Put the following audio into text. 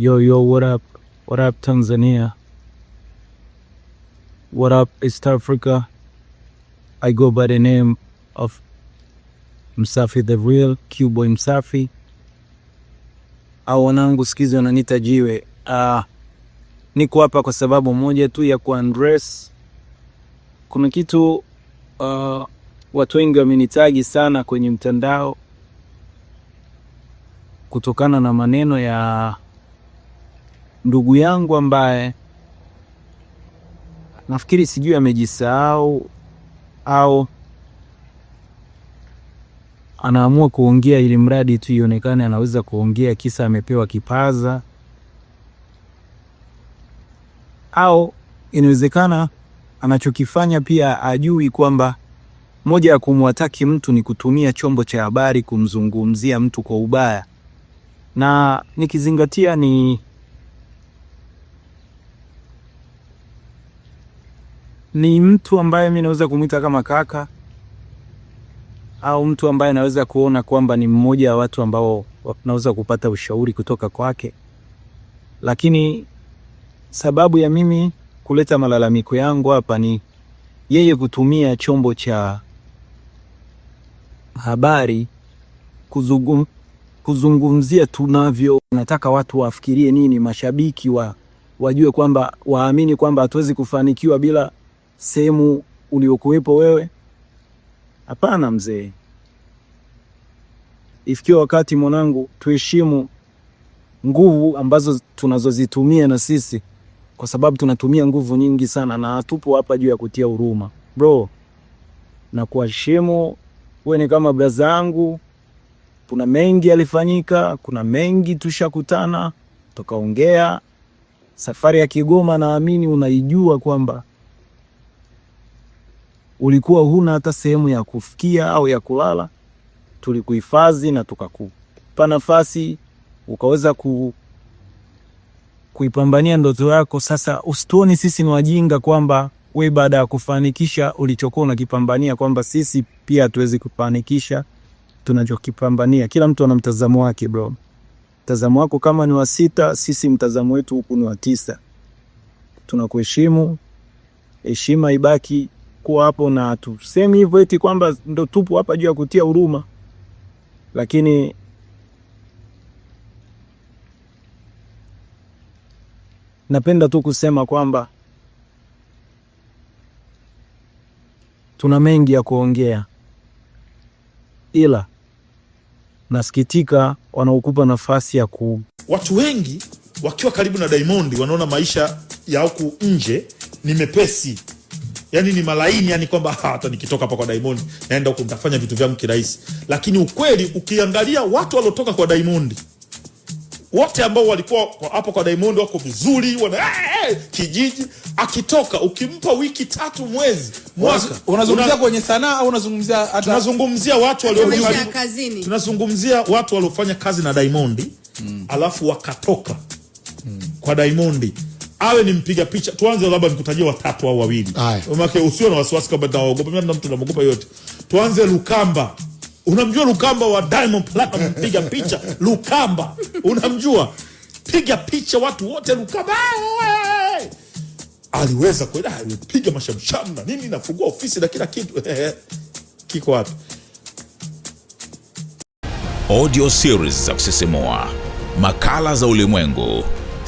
Yo, yo, what up? What up Tanzania? What up East Africa? I go by the name of Msafi the real Q-boy Msafi, au wanangu sikizi wananiita jiwe. Uh, niko hapa kwa sababu moja tu ya kuandress. Kuna kitu uh, watu wengi wamenitagi sana kwenye mtandao kutokana na maneno ya ndugu yangu ambaye nafikiri sijui amejisahau au anaamua kuongea ili mradi tu ionekane anaweza kuongea, kisa amepewa kipaza, au inawezekana anachokifanya pia ajui kwamba moja ya kumwataki mtu ni kutumia chombo cha habari kumzungumzia mtu kwa ubaya, na nikizingatia ni ni mtu ambaye mi naweza kumwita kama kaka au mtu ambaye naweza kuona kwamba ni mmoja wa watu ambao naweza kupata ushauri kutoka kwake, lakini sababu ya mimi kuleta malalamiko yangu hapa ni yeye kutumia chombo cha habari kuzungum, kuzungumzia tunavyo, nataka watu wafikirie nini, mashabiki wa, wajue kwamba waamini kwamba hatuwezi kufanikiwa bila sehemu uliokuwepo wewe? Hapana mzee, ifikia wakati mwanangu, tuheshimu nguvu ambazo tunazozitumia na sisi, kwa sababu tunatumia nguvu nyingi sana, na tupo hapa juu ya kutia huruma. Bro, na kuheshimu wewe, ni kama braza yangu. Kuna mengi yalifanyika, kuna mengi tushakutana, tukaongea. Safari ya Kigoma naamini unaijua kwamba ulikuwa huna hata sehemu ya kufikia au ya kulala, tulikuhifadhi na tukakupa nafasi ukaweza ku, kuipambania ndoto yako. Sasa usituoni sisi ni wajinga kwamba we baada ya kufanikisha ulichokuwa unakipambania kwamba sisi pia hatuwezi kufanikisha tunachokipambania. Kila mtu ana mtazamo wake bro. Mtazamo wako kama ni wa sita, sisi mtazamo wetu huku ni wa tisa. Tunakuheshimu, heshima ibaki kuwa hapo, na tusemi hivyo eti kwamba ndo tupo hapa juu ya kutia huruma, lakini napenda tu kusema kwamba tuna mengi ya kuongea, ila nasikitika wanaokupa nafasi ya ku. Watu wengi wakiwa karibu na Diamond wanaona maisha ya huku nje ni mepesi yani ni malaini, yani kwamba ah, hata nikitoka hapa kwa Diamond naenda huko nitafanya vitu vyangu kirahisi. Lakini ukweli ukiangalia watu waliotoka kwa Diamond wote ambao walikuwa hapo kwa Diamond wako vizuri, wana ee, kijiji. Akitoka ukimpa wiki tatu, mwezi, mwaka, unazungumzia kwenye sanaa au unazungumzia hata... tunazungumzia watu waliofanya kazini, tunazungumzia watu waliofanya kazi na Diamond mm. alafu wakatoka mm. kwa Diamond awe ni mpiga picha. Tuanze labda vikutajia watatu au wawili, maanake usio na wasiwasi kwamba naogopa mimi, mtu namogopa yote. Tuanze Lukamba. Unamjua Lukamba wa Diamond Platinum, mpiga picha Lukamba, unamjua piga picha watu wote. Lukamba aliweza kwenda, alipiga mashamsham na nini, nafungua ofisi na kila kitu kiko wapi? Audio series za kusisimua, makala za ulimwengu